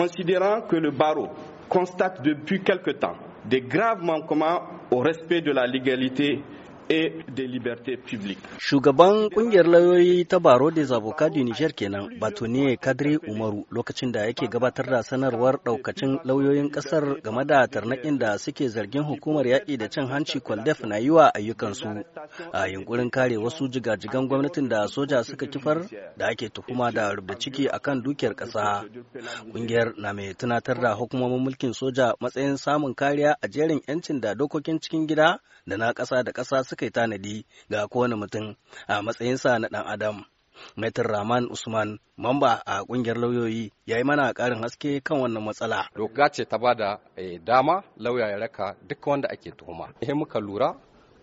considérant que le barreau constate depuis quelque temps des graves manquements au respect de la légalité e de liberté publique. Shugaban kungiyar lauyoyi ta Baro des Avocats du Niger kenan Batoniye Kadri Umaru lokacin da yake gabatar da sanarwar daukacin lauyoyin kasar game da tarnaƙin da suke zargin hukumar yaƙi da cin hanci Kwaldef na yi wa ayyukansu a yunkurin kare wasu jigajigan gwamnatin da soja suka kifar da ake tuhuma da rubda ciki akan dukiyar ƙasa. Kungiyar na mai tunatar da hukumomin mulkin soja matsayin samun kariya a jerin 'yancin da dokokin cikin gida da na ƙasa da ƙasa suka aka yi tanadi ga kowane mutum a matsayinsa na ɗan adam. Maitar Rahman Usman, mamba a ƙungiyar lauyoyi, ya yi mana ƙarin haske kan wannan matsala. Doka ce ta bada eh, dama lauya ya raka duk wanda ake tuhuma. Ihe muka lura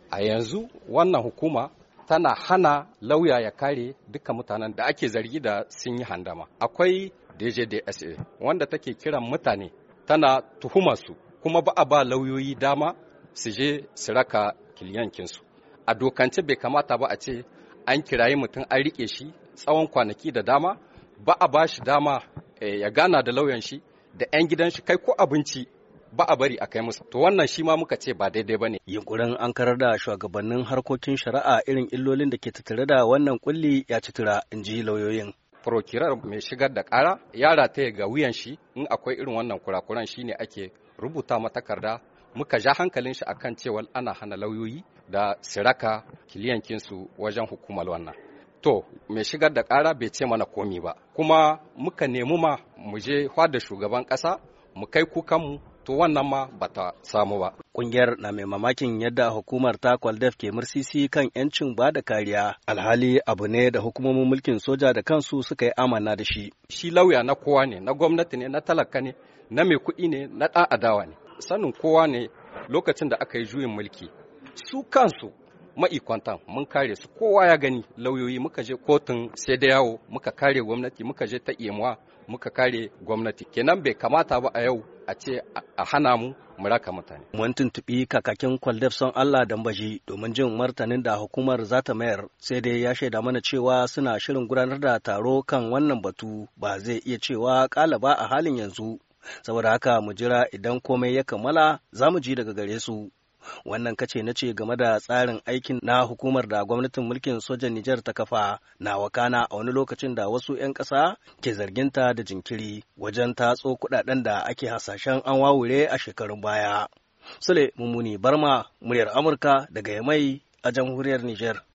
a yanzu wannan hukuma tana hana lauya ya kare dukkan mutanen da ake zargi da sun yi handama. Akwai DJDSA wanda take kiran mutane tana tuhumarsu kuma ba a ba lauyoyi dama su je su raka kiliyankinsu. a dokance bai kamata ba a ce an kirayi mutum an riƙe shi tsawon kwanaki da dama ba a ba shi dama eh, ya gana da lauyan shi da 'yan gidan shi kai ko abinci ba a bari a kai musu to wannan shi ma muka ce ba daidai bane yunkurin an karar da shugabannin harkokin shari'a irin illolin da ke tattare da wannan kulli ya tura in ji lauyoyin prokirar mai shigar da kara ya rataya ga wuyan shi in akwai irin wannan kurakuran shine ake rubuta matakarda muka ja hankalin shi akan cewa ana hana lauyoyi da siraka kiliyankinsu wajen hukumar wannan to mai shigar da kara bai ce mana komi ba kuma muka nemi ma mu je da shugaban ƙasa mu kai kukanmu to wannan ma bata samu ba. Kungiyar na mai mamakin yadda hukumar ta kwaldef ke mursisi kan 'yancin ba da kariya alhali abu ne da hukumomin mulkin soja da kansu suka yi amana da shi. Shi lauya na kowa ne, na gwamnati ne, na talaka ne, na mai kuɗi ne, na ɗan adawa ne. sanin kowa ne lokacin da aka yi juyin mulki su kansu ma'ikwantan mun kare su kowa ya gani lauyoyi muka je kotun sai da yawo muka kare gwamnati muka je ta iyamuwa muka kare gwamnati kenan bai kamata ba a yau a ce a hana mu muraka mutane. Mun tuntuɓi kakakin kwaldef son Allah da mbaji domin jin martanin da hukumar za ta mayar sai dai ya shaida mana cewa suna shirin gudanar da taro kan wannan batu ba zai iya cewa ƙalaba a halin yanzu saboda haka mu jira idan komai ya kammala za mu ji daga gare su wannan kace na ce game da tsarin aikin na hukumar da gwamnatin mulkin sojan Nijar ta kafa na wakana a wani lokacin da wasu 'yan ƙasa ke zarginta da jinkiri wajen tatso kuɗaɗen da ake hasashen an wawure a shekarun baya. Sule Mummuni Barma, muryar Amurka daga Yamai a jamhuriyar Nijar.